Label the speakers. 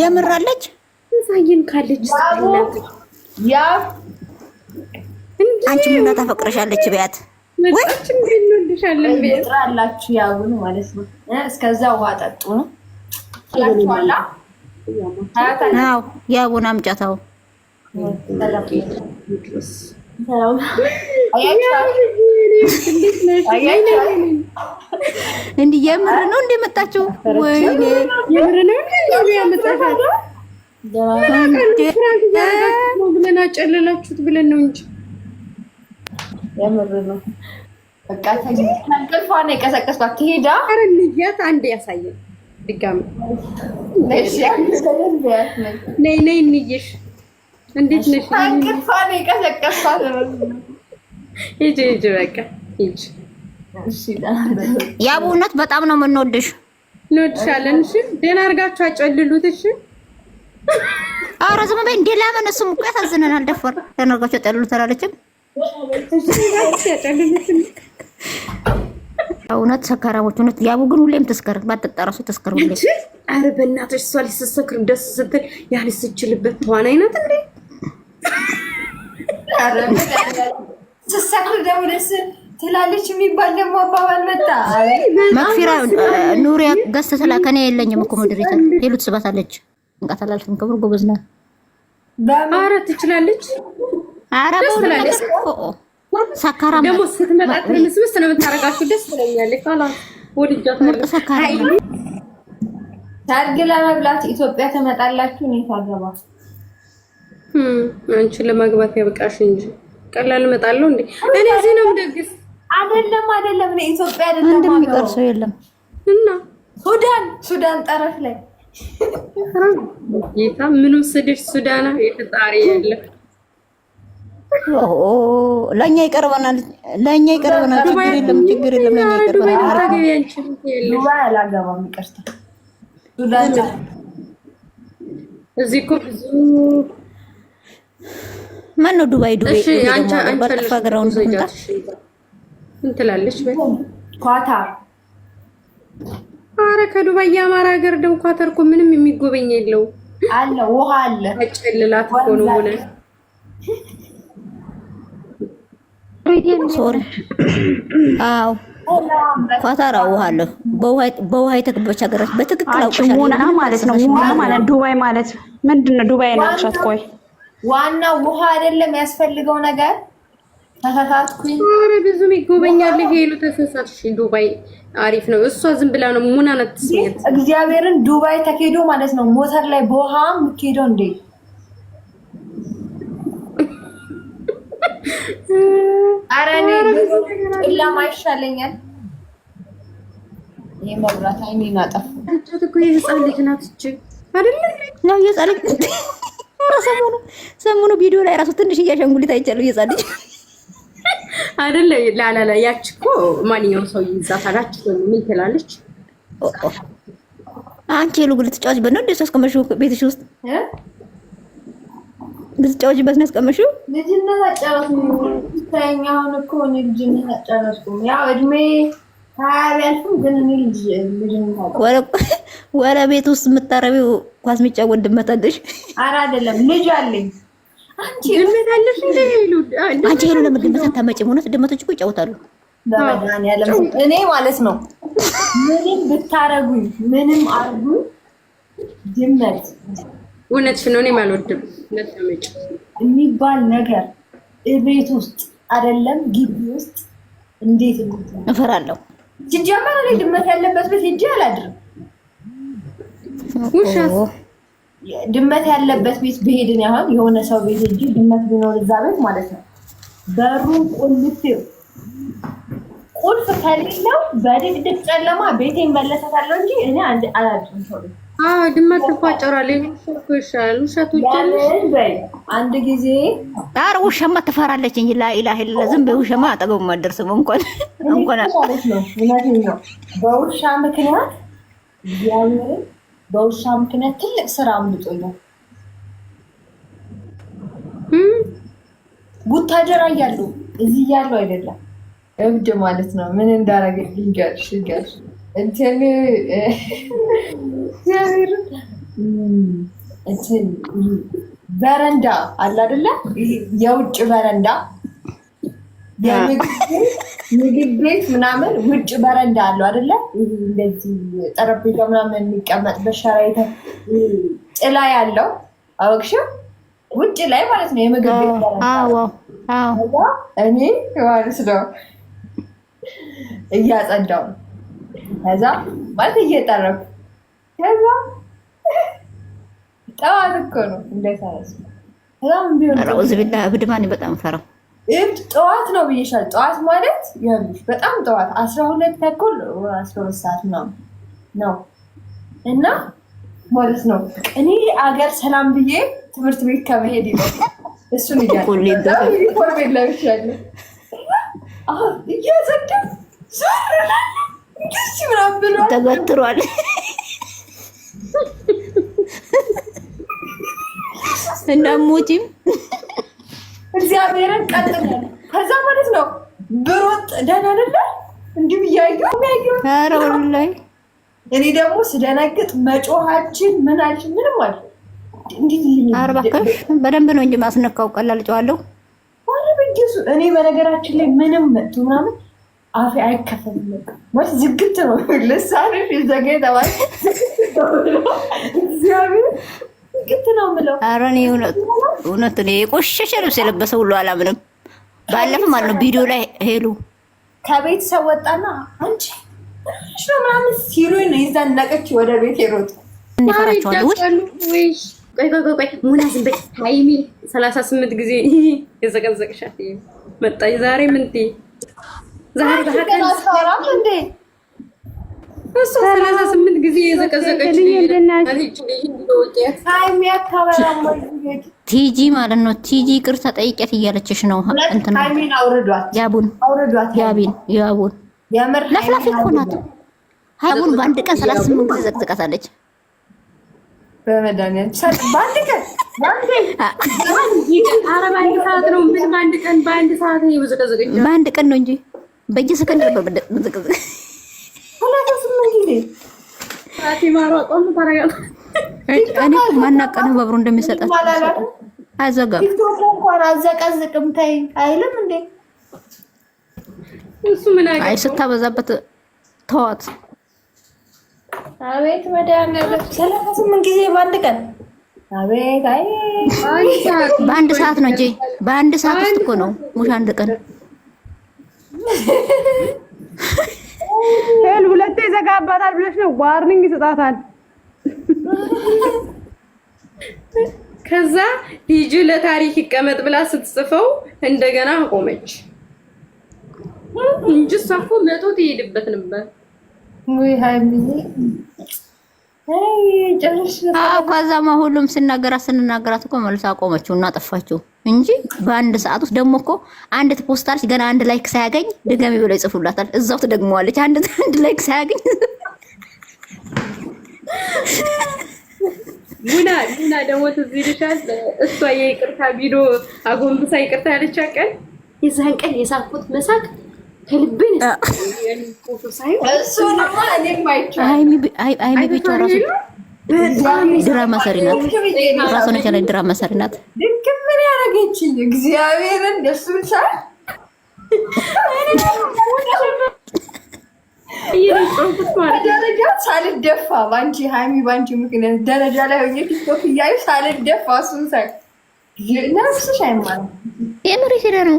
Speaker 1: የምራለች
Speaker 2: ሳይን ካለች
Speaker 1: አንቺ ምና ታፈቅረሻለች ቢያት
Speaker 3: ላችሁ ያቡን ማለት ነው። እስከዛ ውሃ ጠጡ ነው
Speaker 1: አምጫታው እንዲ የምር ነው እንደመጣችው
Speaker 2: ወይኔ የምር ነው ብለን አጨለላችሁት ብለን ነው እንጂ
Speaker 3: የምር ነው። በቃ ተንቀልፏ ነው የቀሰቀስኳት። ትሄዳ
Speaker 2: አንድ ያሳየን ድጋሚ ነይ ነይ እንይሽ እንዴት ነሽ?
Speaker 3: ነው የቀሰቀስኳት።
Speaker 2: ሂጂ ሂጂ፣ በቃ ሂጂ።
Speaker 1: ያ በእውነት በጣም ነው የምንወድሽ፣
Speaker 2: እንወድሻለን። እሺ ደህና አድርጋችሁ አጨልሉት። እሺ
Speaker 1: ኧረ ዝም በይ እንዴ! ለምን እሱም እኮ ያሳዝነናል። ደፈር ደህና አድርጋችሁ አጨልሉት አላለችም? እውነት ሰካራሞች፣ እውነት ያቡ ግን ሁሌም ትስከር፣ ባትጠራሱ ትስከር ሁሌ።
Speaker 2: ኧረ በእናትሽ እሷ ስትሰክር ደስ ስትል ያህል ስችልበት ተዋናይ ናት እንዴ!
Speaker 3: ስትሰክር ደግሞ ደስ ትላለች የሚባል ደግሞ አባባል መጣ።
Speaker 1: መክፊራ ኑሪያ ገዝተላ ከኔ የለኝም እኮ ምድሪት ሌሉ ትስባታለች። እንቃት አላልፍም። ክብር ጎበዝ ናት።
Speaker 2: በማረ ትችላለች።
Speaker 1: አረ ሰካራ
Speaker 2: ደግሞ ስትመጣት ምስምስ ነው የምታረጋችሁ። ደስ ትለኛለች። ወድጃት
Speaker 1: ምርጥ ሰካራ
Speaker 3: ታርግ ለመብላት ኢትዮጵያ ተመጣላችሁ። እኔ ታገባ
Speaker 2: አንቺ ለማግባት ያብቃሽ እንጂ ቀላል እመጣለሁ እንዴ? እኔ እዚህ ነው የምደግስ።
Speaker 3: አይደለም አይደለም፣ እኔ ኢትዮጵያ አይደለም። አንድ የሚቀር
Speaker 1: ሰው የለም።
Speaker 2: እና
Speaker 3: ሱዳን ሱዳን ጠረፍ ላይ
Speaker 2: ጌታ ምንም ስድሽ ሱዳና የፈጣሪ ያለ
Speaker 1: ለእኛ ይቀርበናል፣ ለእኛ ይቀርበናል። ችግር የለም፣ ችግር የለም። ለእኛ ይቀርበናል። እዚህ እኮ ብዙ ማን ነው ዱባይ
Speaker 2: ዱባይ
Speaker 1: በጠፋ ግራውን ወይ
Speaker 3: ኳታር
Speaker 2: አረ ከዱባይ የአማራ ሀገር ደው ኳታር እኮ ምንም የሚጎበኝ የለው
Speaker 3: አለ ውሃ አለ
Speaker 2: ጨልላት እኮ ነው ሆነ
Speaker 1: ሶሪ አዎ ኳታር ውሃ አለ በውሃ የተከበበች ሀገራችን በትክክል
Speaker 2: አውቀሻል ሙና ማለት ነው ሙና ማለት ዱባይ ማለት ምንድን ነው ዱባይ ነው አክሻት ቆይ
Speaker 3: ዋና ውሃ አይደለም ያስፈልገው ነገር።
Speaker 2: ተሳሳትኩኝ። ብዙም ይጎበኛል። ሄሉ ተሳሳትሽ። ዱባይ አሪፍ ነው። እሷ ዝም ብላ ነው። ሙናነት ናት
Speaker 3: እግዚአብሔርን ዱባይ ተኬዶ ማለት ነው። ሞተር ላይ በውሃ ምኬዶ እንዴ! ኧረ እኔ ጨለማ ይሻለኛል። ይሄ መብራት አይኔን አጠፋ።
Speaker 2: እኮ የህፃን ልጅ ናት እች አደለ
Speaker 1: ነው የህፃን ልጅ ሰሞኑ ሰሞኑ ቪዲዮ ላይ ራሱ ትንሽ እያሻንጉሊት አይቻለሁ እየጻለች
Speaker 2: አይደለ ላላላ ያች እኮ ማንኛውም ሰው ይዛታል። ምን ትላለች?
Speaker 1: አንቺ የሉ ጉልት ልትጫወችበት ነው እንደ እሱ አስቀመሽው ቤትሽ ውስጥ ልትጫወችበት ነው ያስቀመሽው።
Speaker 3: ልጅነት አጫወትኩ ብታይኝ አሁን እኮ ልጅነት አጫወትኩም። ያው እድሜ ሀያ ቢያልፍም ግን እኔ ልጅ
Speaker 1: ልጅነት ወረ ቤት ውስጥ የምታረቢው ኳስ የሚጫወት ድመት አለሽ?
Speaker 3: ኧረ አይደለም ልጅ አለኝ።
Speaker 2: አንቺ ድመት አለሽ እንዴ?
Speaker 1: አንቺ ሄሉ ለምን ድመት አታመጪም? እውነት ድመቶች እኮ ይጫወታሉ።
Speaker 3: በመድኃኒዓለም እኔ ማለት ነው ምንም ብታረጉኝ ምንም አርጉ ድመት
Speaker 2: እውነትሽን ነው። እኔም አልወድም
Speaker 3: የሚባል ነገር እቤት ውስጥ አይደለም ግቢ ውስጥ እንዴት እፈራለሁ። ሲጀመር እኔ ድመት ያለበት ቤት ሂጅ አላድርም ድመት ያለበት ቤት ብሄድን ያህል የሆነ ሰው ቤት እጅ ድመት ቢኖር እዛ ቤት ማለት ነው። በሩ ቁልፍ ቁልፍ ከሌለው በድቅድቅ ጨለማ ቤት ይመለሰታለሁ እንጂ እኔ አንድ አላጭም ሰው
Speaker 2: ድመት ትፋጨራለች። ይሻል ውሸቱ
Speaker 3: አንድ ጊዜ
Speaker 1: ኧረ ውሸማ ትፈራለች እንጂ ላኢላህ ኢላ ዝም በውሸማ ውሻማ አጠገቡም እንኳን እንኳን
Speaker 3: በውሻ ምክንያት በውሻ ምክንያት ትልቅ ስራ አምልጦኛል። ቡታጀራ እያሉ እዚህ እያሉ አይደለም
Speaker 2: እብድ ማለት ነው። ምን እንዳረገ ልንገርሽ ልንገርሽ እንትን
Speaker 3: እንትን በረንዳ አለ አይደለ? የውጭ በረንዳ ምግብ ቤት ምናምን ውጭ በረንዳ አለው አደለ? እንደዚህ ጠረጴዛ ምናምን የሚቀመጥ በሸራ ጥላ ያለው አወቅሽ? ውጭ ላይ ማለት ነው የምግብ ቤት
Speaker 1: በረንዳ።
Speaker 3: እኔ ማለት ነው እያጸዳው ከዛ ማለት እየጠረኩ ከዛ ጠዋት እኮ ነው እንደሳ
Speaker 1: ቢሆን ቢላ እብድማን በጣም ፈራው
Speaker 3: ይህም ጠዋት ነው ብዬሻል። ጠዋት ማለት ያሉሽ በጣም ጠዋት አስራ ሁለት ተኩል አስራ ሁለት ሰዓት ነው ነው እና ማለት ነው እኔ አገር ሰላም ብዬ ትምህርት ቤት ከመሄድ ይለ እሱን
Speaker 1: እያዩኒፎርም
Speaker 3: የለብሻለ እያዘደ ዞርላለ ምናም ብሎ
Speaker 1: ተገትሯል። ሙቲም
Speaker 3: እግዚአብሔርን ቀጥል። ከዛ ማለት ነው ብሮጥ ደህና አይደለ እንዲህ እያዩ
Speaker 1: ያየሁ ላይ
Speaker 3: እኔ ደግሞ ስደነግጥ መጮሃችን ምናችን ምንም አለ
Speaker 1: እንዲህ በደንብ ነው እንጂ ማስነካው ቀላል ጨዋለሁ።
Speaker 3: እኔ በነገራችን ላይ ምንም መጡ ምናምን አፌ አይከፈልም ወይ ዝግት ነው ልሳን ዘጋ የተባለ ዝግት ነው ምለው
Speaker 1: አረኔ እኔ እውነት እውነት ነው። የቆሸሸ ልብስ የለበሰ ሁሉ አላምንም። ባለፈ ማለት ነው ቪዲዮ ላይ ሄሉ
Speaker 3: ከቤት ሰው ወጣና አንቺ ሽሮ ምናምን ሲሉኝ ነው የዛን ነቀች ወደ ቤት የሮጡ
Speaker 1: ሀይሚ
Speaker 2: ሰላሳ ስምንት ጊዜ የዘቀዘቅሻት መጣች ዛሬ ምን ዛሬ እሱ ሰላሳ ስምንት ጊዜ የዘቀዘቀች
Speaker 1: ቲጂ ማለት ነው። ቲጂ ቅር ጠይቄት እያለችሽ ነው። አውርዷት፣ ያቡን ያቢን ያቡን ለፍላፊ እኮ ናት። ሀይቡን በአንድ ቀን ሰላሳ ስምንት ጊዜ ዘቅዝቃታለች። በአንድ ቀን ነው እንጂ በየሰከንድ ነበር ዘቅዝቅ እኔ ማናቀነ በብሮ እንደሚሰጣት አይዘጋም።
Speaker 3: ቲክቶክ እንኳን አዘቀዝቅም ተይ አይልም እንዴ
Speaker 1: እሱ ምን አይ ስታበዛበት ተዋት።
Speaker 3: አቤት መድኃኒዓለም ሰላሳ ስምንት ጊዜ በአንድ ቀን አቤት። አይ
Speaker 1: በአንድ ሰዓት ነው እንጂ በአንድ ሰዓት ውስጥ እኮ ነው ሙሽ አንድ ቀን
Speaker 2: ሁለቴ ይዘጋባታል ብለሽ ነው ዋርኒንግ ይሰጣታል። ከዛ ልጁ ለታሪክ ይቀመጥ ብላ ስትጽፈው እንደገና አቆመች እንጂ እሷ እኮ መቶ ትሄድበት ነበር።
Speaker 3: ወይ ሃይሚዬ
Speaker 1: ከዛማ ሁሉም ስናገራት ስንናገራት እኮ መልሳ አቆመችው እና ጠፋችው እንጂ በአንድ ሰዓት ውስጥ ደግሞ እኮ አንድ ትፖስታለች። ገና አንድ ላይክ ሳያገኝ ድጋሚ ብለው ይጽፉላታል። እዛው ትደግመዋለች። አንድ ላይክ ሳያገኝ
Speaker 2: ሙና ሙና ደግሞ ትዝ ይልሻል፣ እሷ የይቅርታ ቪዲዮ አጎንብሳ ይቅርታ ያለቻ ቀን
Speaker 1: የዛን ቀን የሳቁት መሳቅ ከልብን ሃይሚ ብቻ ራሱ ድራማ ሰሪ ናት። ራሷን የቻለች ድራማ ሰሪ ናት።
Speaker 3: ድንክምን ያደረገችኝ እግዚአብሔርን ደሱን ሳ ደረጃ ሳልደፋ ባንቺ ሀይሚ ባንቺ ምክንያት ደረጃ ላይ ሆኜ ቲክቶክ እያዩ ሳልደፋ እሱን ሳይ ነፍስሽ አይማርም።
Speaker 1: የምሬ ስለ ነው